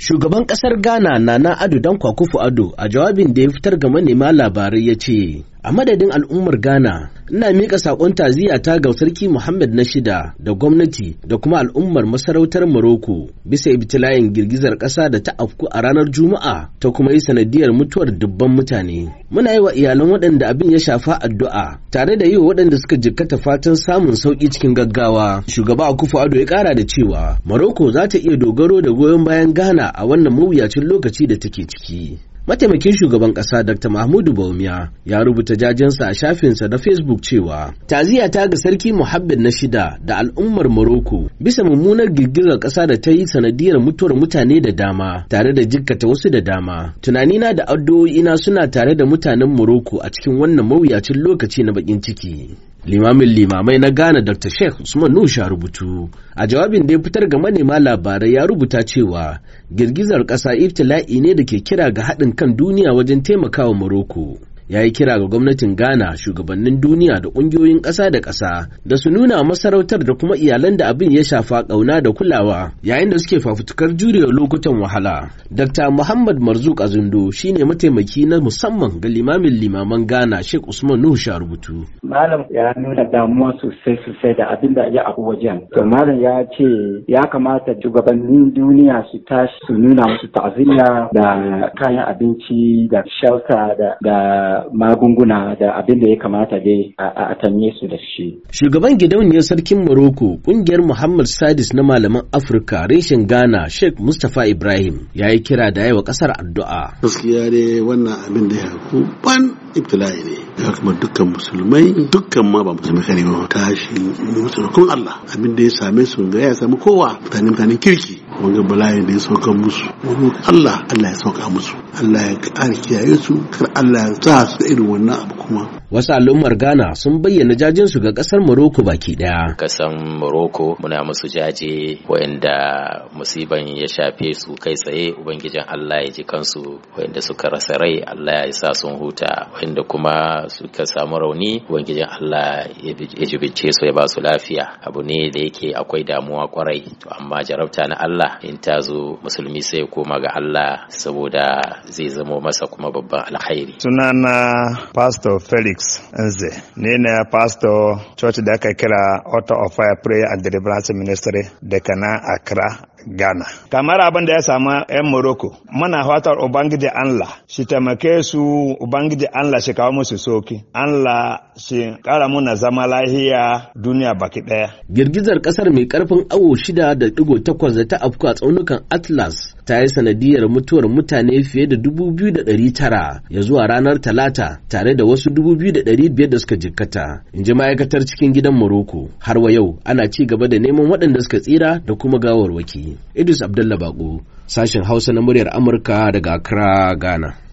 Shugaban ƙasar Ghana na Nana Ado dan kwakufu ado a jawabin da ya fitar ga manema labarai ya ce a madadin al'ummar ghana ina miƙa saƙon taziya ta ga sarki muhammad na shida da gwamnati da kuma al'ummar masarautar morocco bisa ibtilayin girgizar ƙasa da ta afku a ranar juma'a ta kuma yi sanadiyar mutuwar dubban mutane muna yi wa iyalan waɗanda abin ya shafa addu'a tare da yi wa waɗanda suka jikkata fatan samun sauƙi cikin gaggawa shugaba akufu ado ya ƙara da cewa morocco za ta iya dogaro da goyon bayan ghana a wannan mawuyacin lokaci da take ciki Mataimakin shugaban ƙasa Dr. Mahmudu Baumiya ya rubuta jajensa a shafinsa na Facebook cewa taziya ta ga Sarki Muhammad na shida da al'ummar Morocco bisa mummunar girgizar ƙasa da ta yi sanadiyar mutuwar mutane da dama tare da jikkata wasu da dama. Tunanina da addu'o'ina suna tare da mutanen Morocco a cikin wannan mawuyacin lokaci na bakin ciki. limamin limamai na ghana dr sheikh usman nusha rubutu a jawabin da ya fitar ga manema labarai ya rubuta cewa girgizar ƙasa iftila'i ne da ke kira ga haɗin kan duniya wajen taimakawa morocco ya yi kira ga gwamnatin Ghana, shugabannin duniya da ƙungiyoyin ƙasa da ƙasa da su nuna masarautar da kuma iyalan da abin ya shafa ƙauna da kulawa yayin da suke fafutukar jurewa lokutan wahala. Dr. Muhammad Marzuk Azundo shine mataimaki na musamman ga limamin limaman Ghana Sheikh Usman Nuhu Sharubutu. Malam ya nuna damuwa sosai sosai da abin da ya abu wajen. To malam ya ce ya kamata shugabannin duniya su tashi su nuna musu ta'aziyya da kayan abinci da shelter da magunguna da abin da ya kamata dai a tanye su da shi. Shugaban gidauniyar sarkin Morocco kungiyar Muhammad Sadis na malaman Afirka reshen Ghana Sheikh Mustapha Ibrahim ya yi kira da yawa kasar addu'a. Gaskiya dai wannan abin da ya ban ibtila'i ne. Ya kuma dukkan musulmai dukkan ma ba musulmai kare ba tashi musulmai kuma Allah abin da ya same su ga ya sami kowa mutane mutanen kirki wani bala'in da ya sauka musu wani Allah Allah ya sauka musu Allah ya ƙara kiyaye su kar Allah ya sa su irin wannan abu kuma wasu al'ummar ghana sun bayyana jajinsu ga kasar morocco baki daya kasar morocco muna musu jaje wa'anda musiban ya shafe su kai tsaye ubangijin allah ya ji kansu wa'anda suka rasa rai allah ya sa sun huta wa'anda kuma suka samu rauni ubangijin allah ya jibince su ya ba su lafiya abu ne da yake akwai damuwa kwarai to amma jarabta na allah in ta zo musulmi sai koma ga Allah saboda zai zamo masa kuma babban alkhairi sunana pastor Felix Nze ne na pastor church da aka kira Author of Fire Prayer and Deliverance Ministry da kana Accra Ghana. Kamar abin da ya samu 'yan Morocco, muna fatar Ubangiji Allah shi taimake su Ubangiji Allah shi kawo musu soki. Allah shi kara muna zama lahiya duniya baki ɗaya. Girgizar ƙasar mai ƙarfin awo shida da ɗigo takwas da ta afku a tsaunukan Atlas ta yi sanadiyar mutuwar mutane fiye da 2,900 ya zuwa ranar talata tare da wasu 2,500 da suka jikkata in ji ma'aikatar cikin gidan Morocco har wa yau ana ci gaba da neman waɗanda suka tsira da kuma gawarwaki Idris Abdullah Bako sashen Hausa na muryar Amurka daga Accra Ghana